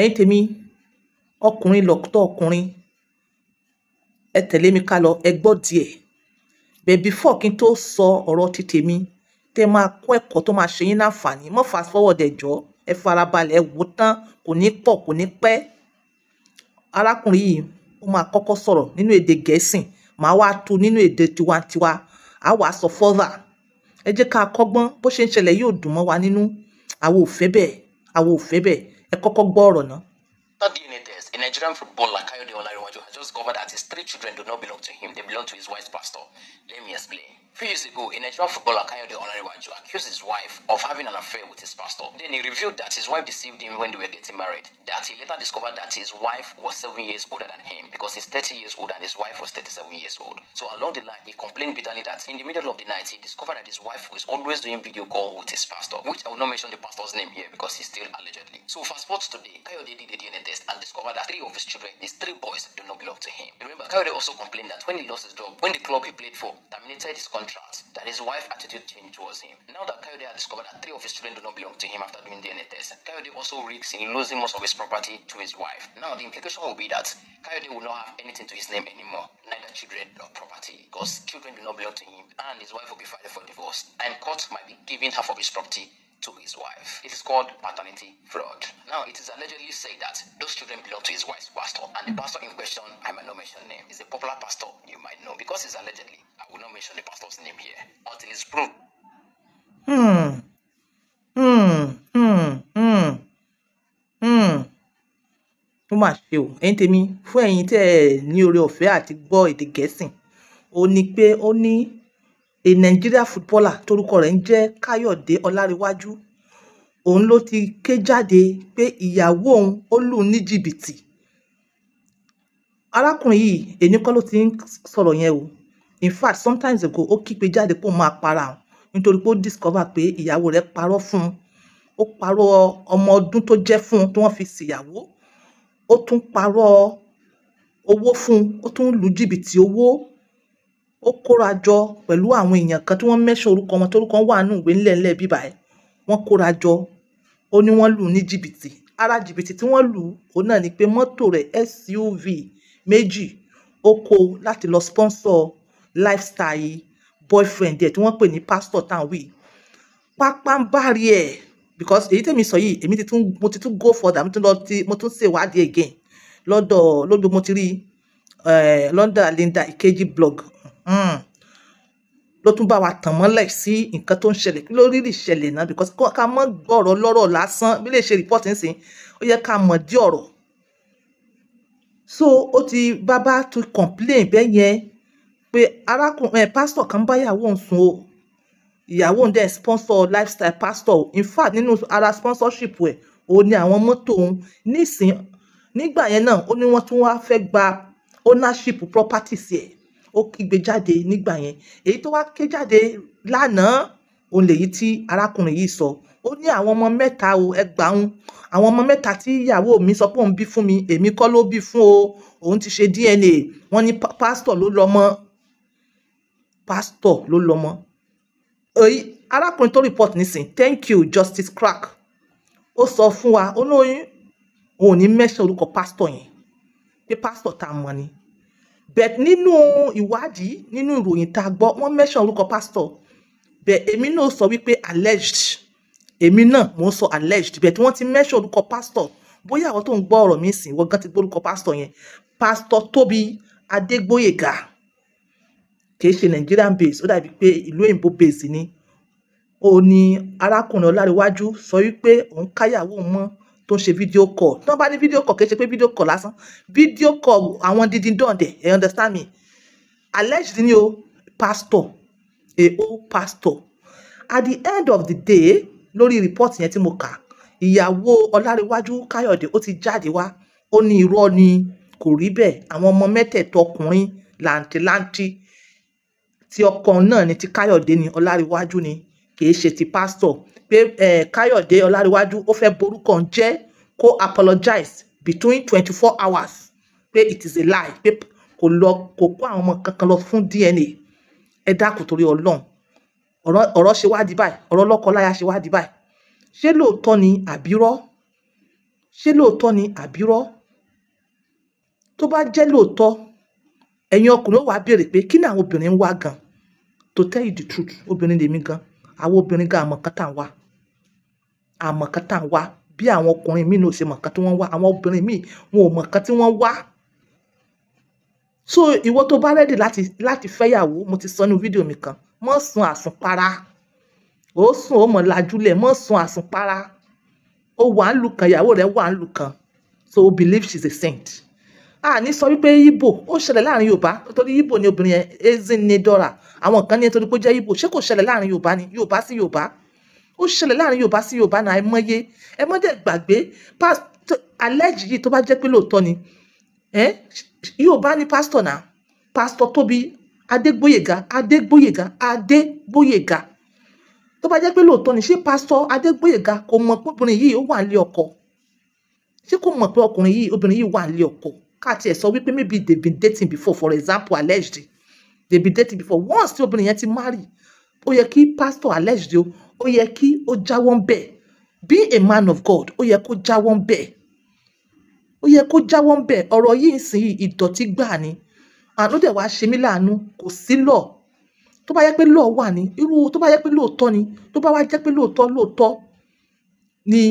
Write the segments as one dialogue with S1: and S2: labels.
S1: ẹ̀yin tèmi ọkùnrin lọ́tọ̀ ọkùnrin ẹ tẹ̀lé mi ká lọ ẹ gbọ́ díẹ̀ bẹ́ẹ̀ before kí n tó sọ ọ̀rọ̀ ti tèmi tẹ́ máa kọ́ ẹ̀kọ́ tó máa ṣe yín láǹfààní mọ́ fast forward ẹ̀jọ́ ẹ farabalẹ̀ ẹ wò tán kò ní pọ̀ kò ní pẹ́ arákùnrin yìí ó máa kọ́kọ́ sọ̀rọ̀ nínú èdè gẹ̀ẹ́sì màá wá tu nínú èdè tiwantiwa á wàá sọ further ẹ jẹ́ ká kọ́gbọ́n bó ṣe ń ṣẹlẹ̀ yóò dùn mọ́ wa nínú àwa ò fẹ́ bẹ́ẹ̀ àwa ò fẹ́ bẹ́ẹ̀ ẹ kọ́kọ́ gbọ́ ọ̀rọ̀ náà.
S2: After DNA test, a Nigerian footballer, Kayode Olarewaju, has just discovered that his three children do not belong to him. They belong to his wife's pastor. Let me explain. few years ago, a Nigerian footballer, Kayode Onariwaju, accused his wife of having an affair with his pastor. Then he revealed that his wife deceived him when they were getting married. That he later discovered that his wife was seven years older than him because he's 30 years old and his wife was 37 years old. So along the line, he complained bitterly that in the middle of the night, he discovered that his wife was always doing video call with his pastor, which I will not mention the pastor's name here because he's still allegedly. So fast forward today, Kayode did a DNA test and discovered that three of his children, these three boys, do not belong to him. Remember, Kayode also complained that when he lost his job, when the club he played for terminated his contract, that his wife's attitude changed towards him. Now that Coyote had discovered that three of his children do not belong to him after doing DNA tests, Coyote also risks in losing most of his property to his wife. Now the implication will be that Coyote will not have anything to his name anymore, neither children nor property, because children do not belong to him, and his wife will be filed for divorce, and court might be giving half of his property to his wife. It is called paternity fraud. Now, it is allegedly said that those children belong to his wife's pastor, and the pastor in question, I might not mention name, is a popular pastor you might know because it's allegedly. I will not mention the pastor's
S1: name here until it's proved. Hmm. Hmm. Hmm. Hmm. Hmm. ó mà ṣe o ẹ̀yin tèmi fún ẹ̀yin tẹ́ ẹ ní oore ọ̀fẹ́ àti gbọ́ èdè Gẹ̀ẹ́sì ó ní pé ó ní a Nigeria footballer torúkọ rẹ̀ ń jẹ́ Káyọ̀dé Ọlárewájú òun ló ti ké jáde pé ìyàwó òun ó lù ní jìbìtì arákùnrin yìí èmi kọ́ ló ti ń sọ̀rọ̀ yẹn o in fact sometimes ago ó kígbe jáde pé òun máa para òun nítorí pé ó discover pé ìyàwó rẹ̀ parọ́ fún un ó parọ́ ọmọ ọdún tó jẹ́ fún un tí wọ́n fi ṣìyàwó ó tún parọ́ owó fún un ó tún lù jìbìtì owó ó kóra jọ pẹ̀lú àwọn èèyàn kan tí wọ́n mẹ́ṣọ orúkọ wọn torúkọ wà nù ìwé ńlẹ̀ńlẹ̀ bíbá ẹ̀ wọ́n kóra jọ ó ní wọ́n lù ní jìbìtì ara jìbìtì tí wọ́n lù ó náà ni pé mọ́tò rẹ̀ SUV méjì ó kó láti lọ sponsor lifestyle boyfriend ẹ̀ tí wọ́n pè ní pastor tanwi pápá ń ẹ̀ because èyí tèmi sọ yìí èmi ti tún mo ti tún go further mo tún lọ ti mo tún ṣe ìwádìí again lọ́dọ̀ lọ́dọ̀ mo ti rí eh, London Linda Ikeji blog Hmm. ló tún bá wa tàn mọ́lẹ̀ sí nǹkan tó ń ṣẹlẹ̀ kí ló rírì ṣẹlẹ̀ náà because ká mọ́ gbọ́rọ̀ lọ́rọ̀ lásán bí lè ṣe report ń sìn ó yẹ ká mọ̀ dí ọ̀rọ̀ so ó ti bàbá tún complain bẹ́ẹ̀ yẹn pé arákùnrin eh, pásítọ̀ kan bá ìyàwó òun sùn o ìyàwó òun dẹ̀ sponsor lifestyle pásítọ̀ in fact nínú ara sponsorship ẹ̀ O ní àwọn mọ́tò òun nísìn nígbà yẹn náà ó ní wọ́n tún wá fẹ́ gba ownership properties ẹ̀ ó kígbe jáde nígbà yẹn èyí tó wá ké jáde lánàá òun lèyí tí arákùnrin yìí sọ ó ní àwọn ọmọ mẹ́ta o ẹgbàáhùn àwọn ọmọ mẹ́ta tí ìyàwó mi sọ pé òun bí fún mi èmi kọ́ ló bí fún o òun ti ṣe DNA wọ́n ní pásítọ̀ ló lọ́mọ pásítọ̀ ló lọ́mọ. èyí arákùnrin tó report nísìn thank you Justice Crack ó sọ fún wa olóyún òun ní mẹ́sàn orúkọ pásítọ̀ yẹn pé pásítọ̀ tá a mọ̀ ni but nínú ìwádìí nínú ìròyìn tá a gbọ́ wọ́n mention orúkọ pásítọ̀ but èmi náà sọ wípé alleged èmi náà mò ń sọ alleged but wọ́n ti mention orúkọ pásítọ̀ bóyá àwọn tó ń gbọ́ ọ̀rọ̀ mi sìn wọ́n gan ti gbórúkọ pásítọ̀ yẹn pásítọ̀ Tóbi Adégbóyèga kì í ṣe Nigerian base ó dàbí pé ìlú òyìnbó base ni ó ní arákùnrin Ọláléwájú sọ wípé òun káyàwó mọ́ tó ń ṣe fídíò call tí wọ́n bá ní fídíò call kì í ṣe pé fídíò call lásán fídíò call àwọn dídín dọ̀ǹdẹ̀ ẹ understand me alleged ni o pastor a old pastor at the end of the day lórí report yẹn tí mo kà ìyàwó ọlárẹwájú káyọ̀dé ó ti jáde wá ó ní irọ́ ni kò rí bẹ́ẹ̀ àwọn ọmọ mẹ́tẹ̀ẹ̀tọ́ ọkùnrin làǹtìlanti tí ọkọ náà ni ti káyọ̀dé ni ọlárẹwájú ni kì í ṣe ti pastor pé káyọ̀dé ọláríwájú ó fẹ́ borúkọ ń jẹ́ kó apologize between twenty four hours pé it is a lie pé kò lọ kò kó àwọn ọmọ kankan lọ fún DNA ẹ dákun torí ọlọ́run ọ̀rọ̀ ṣe wá di báyìí ọ̀rọ̀ lọ́kọ-láya ṣe wá di báyìí ṣé lóòótọ́ ni àbírọ́ ṣé lóòótọ́ ni àbírọ́ tó bá jẹ́ lóòótọ́ ẹ̀yin ọkùnrin ó wàá béèrè pé kí ni àwọn obìnrin ń wá gan to tell you the truth obìnrin lèmi gan àwọn obìnrin gan àmọ̀kán tà ń wá àmọ̀kán tà ń wá bí àwọn ọkùnrin míì ní òsè mọ̀kán tí wọ́n wá àwọn obìnrin míì wọn ò mọ̀kán tí wọ́n wá. so ìwọ tó bá rẹ́dì láti láti fẹ́yàwó mo ti sọ ní fídíò mi kan mọ́ sun àsùnpara ó sùn ó mọ̀ lajúlẹ̀ mọ́ sun àsùnpara ó wà ń lu kan ìyàwó rẹ̀ wà ń lu kan so believe she's a saint a ní sọ wípé ibo ó ṣẹlẹ̀ láàrin yorùbá nítorí ibo ni obìnrin ni Ezinedora àwọn kan ní nítorí pé jẹ́ ibo ṣé kò ṣẹlẹ̀ láàrin yorùbá ni yorùbá sí yorùbá ó ṣẹlẹ̀ láàrin yorùbá sí yorùbá náà àìmọye ẹ mọ́ dẹ̀ gbàgbé alẹ́jì yìí tó bá jẹ́ pé lóòótọ́ ni yorùbá ni pásítọ̀ náà pásítọ̀ tóbi adégbóyèga adégbóyèga adégbóyèga tó bá jẹ́ pé lóòótọ́ ni ṣé pásítọ̀ adégbóyèga kò mọ̀ pé obìnrin yìí ó wà nílé ọkọ ṣé kò mọ̀ pé ọkùnrin yìí obìnrin yìí wà nílé ọkọ káàtì ẹ̀ sọ wípé maybe they been dating before for example alleged they been dating before once tí obìnrin yẹn ti marry ó yẹ kí pastor alleged o ó yẹ kí ó jáwọ́ ń be a man of God ó yẹ kó jáwọ́ ń bẹ̀ ó yẹ kó jáwọ́ ń bẹ̀ ọ̀rọ̀ yìí ń sìn ìdọ̀tí gbà ni àánú dẹ̀ wá ṣe mí láàánú kò sí lọ tó bá yẹ pé lọ wà ní irú tó bá yẹ pé lóòótọ́ ni tó bá wá jẹ́ pé lóòótọ́ lóòótọ́ ni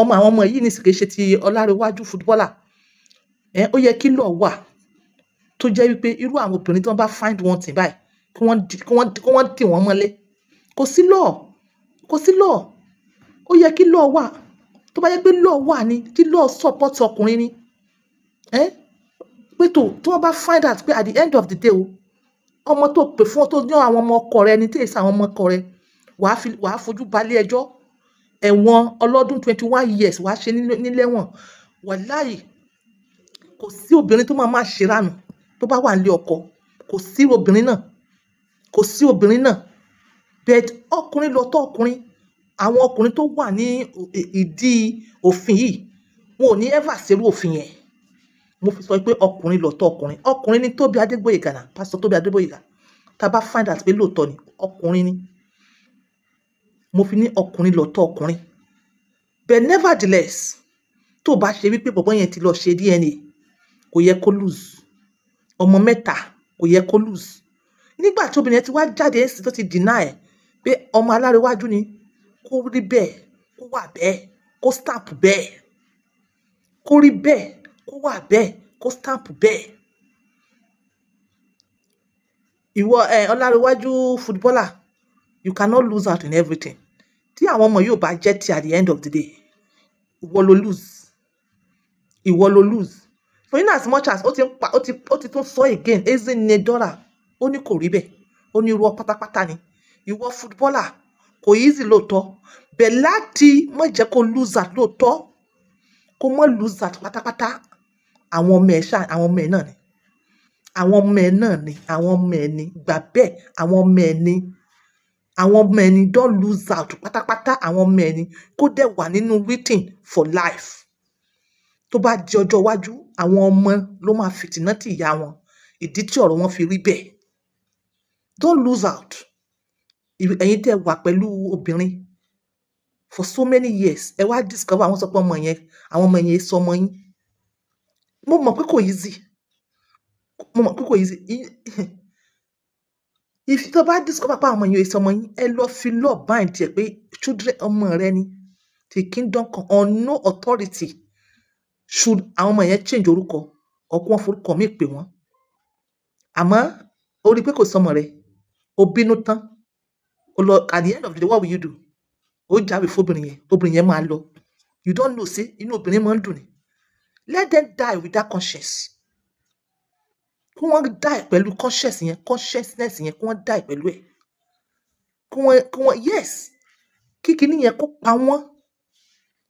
S1: ọmọ àwọn ọmọ yìí ní sì kì í ṣe ti ọlárẹwájú fútbọ́là ẹ ó yẹ kí lọ́ọ̀ wà tó jẹ́ wípé irú àwọn obìnrin tí wọ́n bá find one thing báyìí kí wọ́n kí wọ́n dì wọ́n mọ́lé kò sí lọ́ọ̀ kò sí lọ́ọ̀ ó yẹ kí lọ́ọ̀ wà tó bá yẹ pé lọ́ọ̀ wà ni kí lọ́ọ̀ support ọkùnrin ni ẹ pé tó tí wọ́n bá find out pé at the end of the day o ọmọ tó pè fún ọ tó yan àwọn ọmọ ọkọ rẹ ni tí èsì àwọn ọmọ ọkọ rẹ wàá fojú balẹ̀ ẹjọ́ ẹ̀wọ̀n ọlọ́dún twenty one years wàá ṣe nílẹ̀wọ̀n wàláyìí kò sí obìnrin tó máa máa ṣèrànù tó bá wà nílé ọkọ kò sí obìnrin náà kò sí obìnrin náà but ọkùnrin lọ tọ ọkùnrin àwọn ọkùnrin tó wà ní ìdí òfin yìí wọn ò ní ever ṣerú òfin yẹn mo fi sọ pé ọkùnrin lọ tọ ọkùnrin ọkùnrin ní Tóbi Adégbóyèga náà pásítọ̀ Tóbi Adégbóyèga tá a bá find out pé lóòótọ́ ni ọkùnrin ni mo fi ní ọkùnrin lọ tọ ọkùnrin but nevertheless tó o bá ṣe wípé bọ̀bọ́ yẹn ti lọ ṣe DNA kò yẹ kó lose ọmọ mẹ́ta kò yẹ kó lose nígbà tí obìnrin ti wá jáde ẹ̀sìn tó ti deny ẹ̀ pé ọmọ alárewájú ni kó rí bẹ́ẹ̀ kó wà bẹ́ẹ̀ kó stamp bẹ́ẹ̀ kó rí bẹ́ẹ̀ kó wà bẹ́ẹ̀ kó stamp bẹ́ẹ̀ ìwọ ẹ ọlárewájú footballer you cannot lose out in everything tí àwọn ọmọ yóò bá jẹ́ ti at the end of the day ìwọ ló lose ìwọ ló lose so in as much as ó ti pa ó ti ó ti tún sọ again Ezeanidora ó ní kò rí bẹ́ẹ̀ ó ní irú ọ pátápátá ni ìwọ fútbọ́là kò easy lóòótọ́ bẹ̀ láti má jẹ́ kó lose out lóòótọ́ ko mo lose at pátápátá àwọn ọmọ ẹ̀ ṣá àwọn ọmọ ẹ̀ náà ni àwọn ọmọ ẹ̀ náà ni àwọn ọmọ ẹ̀ ni gbà bẹ́ẹ̀ àwọn ọmọ ni àwọn ọmọ ni don lose out pátápátá àwọn ọmọ ẹ̀ ni kó dẹ̀ wà nínú waiting for life tó bá di ọjọ́ iwájú àwọn ọmọ ló máa fìtínà tì ìyá wọn ìdí tí ọ̀rọ̀ wọn fi rí bẹ́ẹ̀ don't lose out ẹ̀yin tẹ́ wà pẹ̀lú obìnrin for so many years ẹ wá discover àwọn sọ pé ọmọ yẹn àwọn ọmọ yẹn sọ ọmọ yín mo mọ̀ pé kò easy mo mọ̀ pé kò easy if tó bá discover pé àwọn ọmọ yẹn sọ ọmọ yín ẹ lọ fi love bind tiẹ̀ pé children ọmọ rẹ ni the kingdom come on no authority should àwọn ọmọ yẹn change orúkọ ọkọ wọn forúkọ mi pè wọn àmọ́ ó rí i pé kò sọmọ rẹ ó bínú tán ó lọ at the end of the day what will you do ó jáwèé fóbìnrin yẹn obìnrin yẹn máa lọ you don't know say inú obìnrin máa ń dùn ni let them die with that conscience kí wọ́n die pẹ̀lú conscience yẹn consciousness yẹn kí wọ́n die pẹ̀lú ẹ̀ kí wọ́n kí wọ́n yes kí kinní yẹn kó pa wọ́n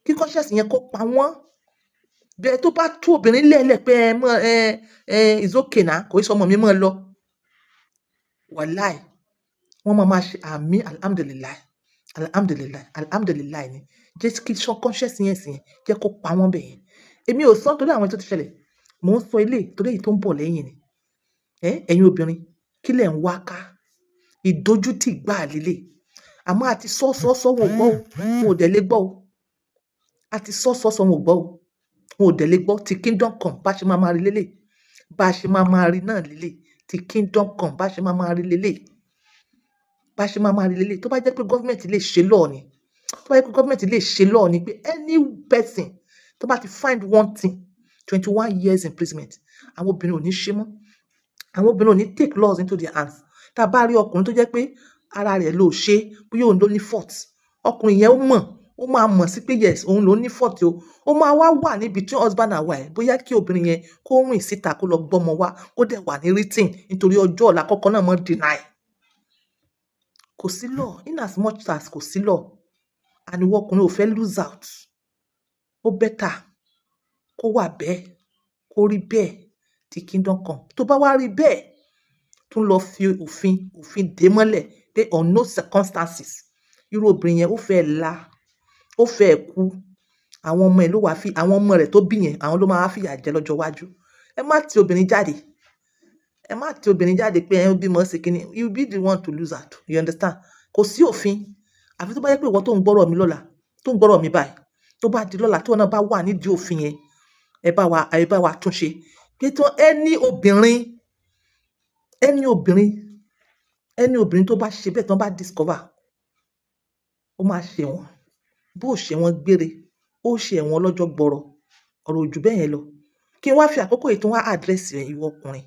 S1: kí conscience yẹn kó pa wọ́n bẹ́ẹ̀ tó bá tú obìnrin lẹ́ẹ̀lẹ́ pé ẹ mọ ẹ ẹ ìzókè náà kò í sọ ọmọ mi mọ́ ẹ lọ wàláì wọ́n máa máa ṣe àmì alhamdulilayi alhamdulilayi alhamdulilayi ni jẹ́ kí conscience yẹn sìn yẹn jẹ́ kó pa wọ́n bẹ̀ yẹn èmi ò sọ torí àwọn ètò ti ṣẹlẹ̀ mò ń sọ ilé torí èyí tó ń bọ̀ lẹ́yìn ni ẹ̀yin obìnrin kí lẹ̀ ń wá ká ìdójútì gbà lélẹ̀ àmọ́ àti sọ́sọ́sọ́ wò gbọ́ o mo ò dẹ̀ lè gbọ́ o àti sọ́sọ́sọ́ wò gbọ́ o wọn ò dẹ̀ lè gbọ́ ti kingdom come bá ṣe máa máa rí lélẹ̀ bá ṣe máa máa rí náà lélẹ̀ ti kingdom come bá ṣe máa máa rí lélẹ̀ bá ṣe máa máa rí lélẹ̀ tó bá jẹ́ pé gọ́fìmẹ̀ntì lè ṣe lọ́ọ̀ ni tó bá jẹ́ pé gọ́fìmẹ̀ntì lè ṣe lọ́ọ̀ ni pé any person tó bá ti find one thing twenty one years imprisonment àwọn obìnrin ò ní ṣe mọ́ àwọn obìnrin ò ní take laws into their hands tá a bá rí ọkùnrin tó jẹ́ pé ara rẹ̀ ló ṣe bóyá òun ló ní fault ọkùnrin yẹn ó mọ̀ ó máa mọ̀ sí pé yes òun ló ní fọ́ọ̀tì o ó máa wá wà níbi tí husband and wife bóyá kí obìnrin yẹn kó rìn síta kó lọ gbọ́mọ wá kó dẹ̀ wà ní written nítorí ọjọ́ ọ̀la kọ́kọ́ náà mọ́ deny kò sí law in as much as kò sí law àníwọ̀ ọkùnrin ò fẹ́ lose out ó better, kó wà bẹ́ẹ̀ kó rí bẹ́ẹ̀ tí kingdom come tó bá wá rí bẹ́ẹ̀ tún lọ fi òfin òfin dé mọ́lẹ̀ pé on no circumstances irú obìnrin yẹn ó fẹ́ la ó fẹ́ kú àwọn ọmọ ẹ̀ ló wá fi àwọn ọmọ rẹ̀ tó bí yẹn àwọn ló máa fìyà jẹ lọ́jọ́ iwájú ẹ má ti obìnrin jáde ẹ má ti obìnrin jáde pé ẹ ń bímọ sí kíní you be the one to lose out you understand kò sí òfin àfi tó bá yẹ pé ìwọ tó ń gbọ́rọ̀ mi lọ́la tó ń gbọ́rọ̀ mi báyìí tó bá di lọ́la tí wọn náà bá wà nídìí òfin yẹn ẹ bá wa ẹ bá wa túnṣe pé tán ẹni obìnrin ẹni obìnrin ẹni obìnrin tó bá ṣe bẹ́ẹ̀ tán bá discover ó máa ṣe wọn bó ṣẹ̀wọ̀n gbére, ó ṣe ẹ̀wọ̀n ọlọ́jọ́ gbọọrọ. Ọ̀rọ̀ ò ju bẹ́yẹn lọ. Kí n wá fi àkókò yìí tún wá address ìwọ ọkùnrin.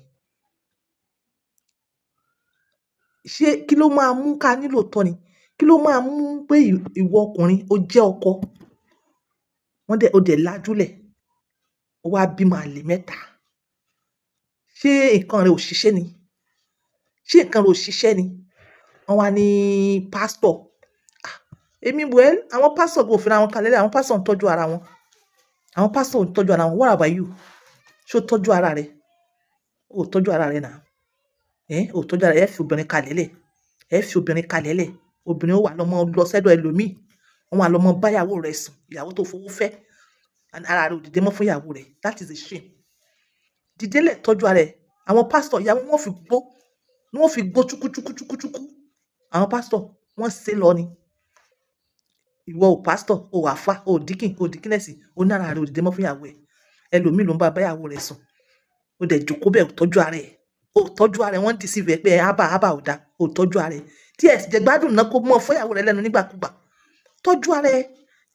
S1: Ṣé kí ló máa mú ká nílò tọ́ ni? Kí ló máa mú pé ìwọ ọkùnrin o jẹ́ ọkọ? Wọ́n dẹ̀, o dẹ̀ lajúlẹ̀. O wá bímo àlè mẹ́ta. Ṣé nǹkan rẹ ò ṣiṣẹ́ ni? Ṣé nǹkan rẹ ò ṣiṣẹ́ ni? Wọ́n wá ní pastor èmi well àwọn pásọ̀ kò fìlà wọn kalẹ̀ àwọn pásọ̀ ń tọ́jú ara wọn àwọn pásọ̀ ń tọ́jú ara wọn what about you ṣó tọ́jú ara rẹ ò tọ́jú ara rẹ náà ẹ ò tọ́jú ara rẹ ẹ fi obìnrin kalẹ̀ lẹ̀ ẹ fi obìnrin kalẹ̀ lẹ̀ obìnrin ó wà lọ́mọ lọ sẹ́dọ̀ ẹlòmíì wọ́n wà lọ́mọ báyàwó rẹ̀ sùn ìyàwó tó fowó fẹ́ ara rẹ ò dìde mọ́ fún ìyàwó rẹ̀ that is a shame dìde lẹ̀ tọ́jú ara rẹ àwọn pásítọ̀ ìyàwó wọn fi gbó wọn fi gbó chukuchukuchukuchuku àwọn pásítọ̀ wọ́n ṣe lọ ni ìwọ ò pásítọ̀ ò àfa ò díkìn ò díkínẹsì ó ní ara rẹ òdìdẹ mọ fún ìyàwó ẹ ẹlòmíì ló ń bá abáyàwó rẹ sùn ó dẹ̀ jókòó bẹ́ẹ̀ tọ́jú ara ẹ ó tọ́jú ara ẹ wọ́n dì sí ìfẹ́ pé ábà ábà ò da ó tọ́jú ara ẹ tí ẹ jẹ gbádùn náà kó mọ fún rẹ lẹ́nu nígbàkúgbà tọ́jú ara ẹ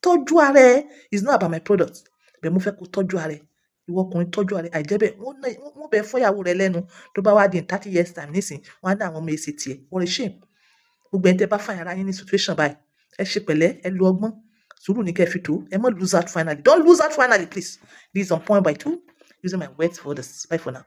S1: tọ́jú ara ẹ is not about my product bẹ́ẹ̀ mo fẹ́ kó tọ́jú ara ẹ ìwọ ọkùnrin tọ́jú ara ẹ àìjẹ́bẹ̀ wọ́n bẹ fún ìyàwó rẹ lẹ́nu tó bá wá di thirty years time nísìn wọ́n á dá àwọn ọmọ èsì tiẹ̀ wọ́n lè ṣe gbogbo ẹni tẹ́ bá fàyàrá yín ní situation báyìí ẹ ṣe pẹ̀lẹ́ ẹ lu ọgbọ́n sùúrù ní kẹ́ fi tó ẹ má lose out finally don't lose out finally please this is on point by two using my words for this bye for now.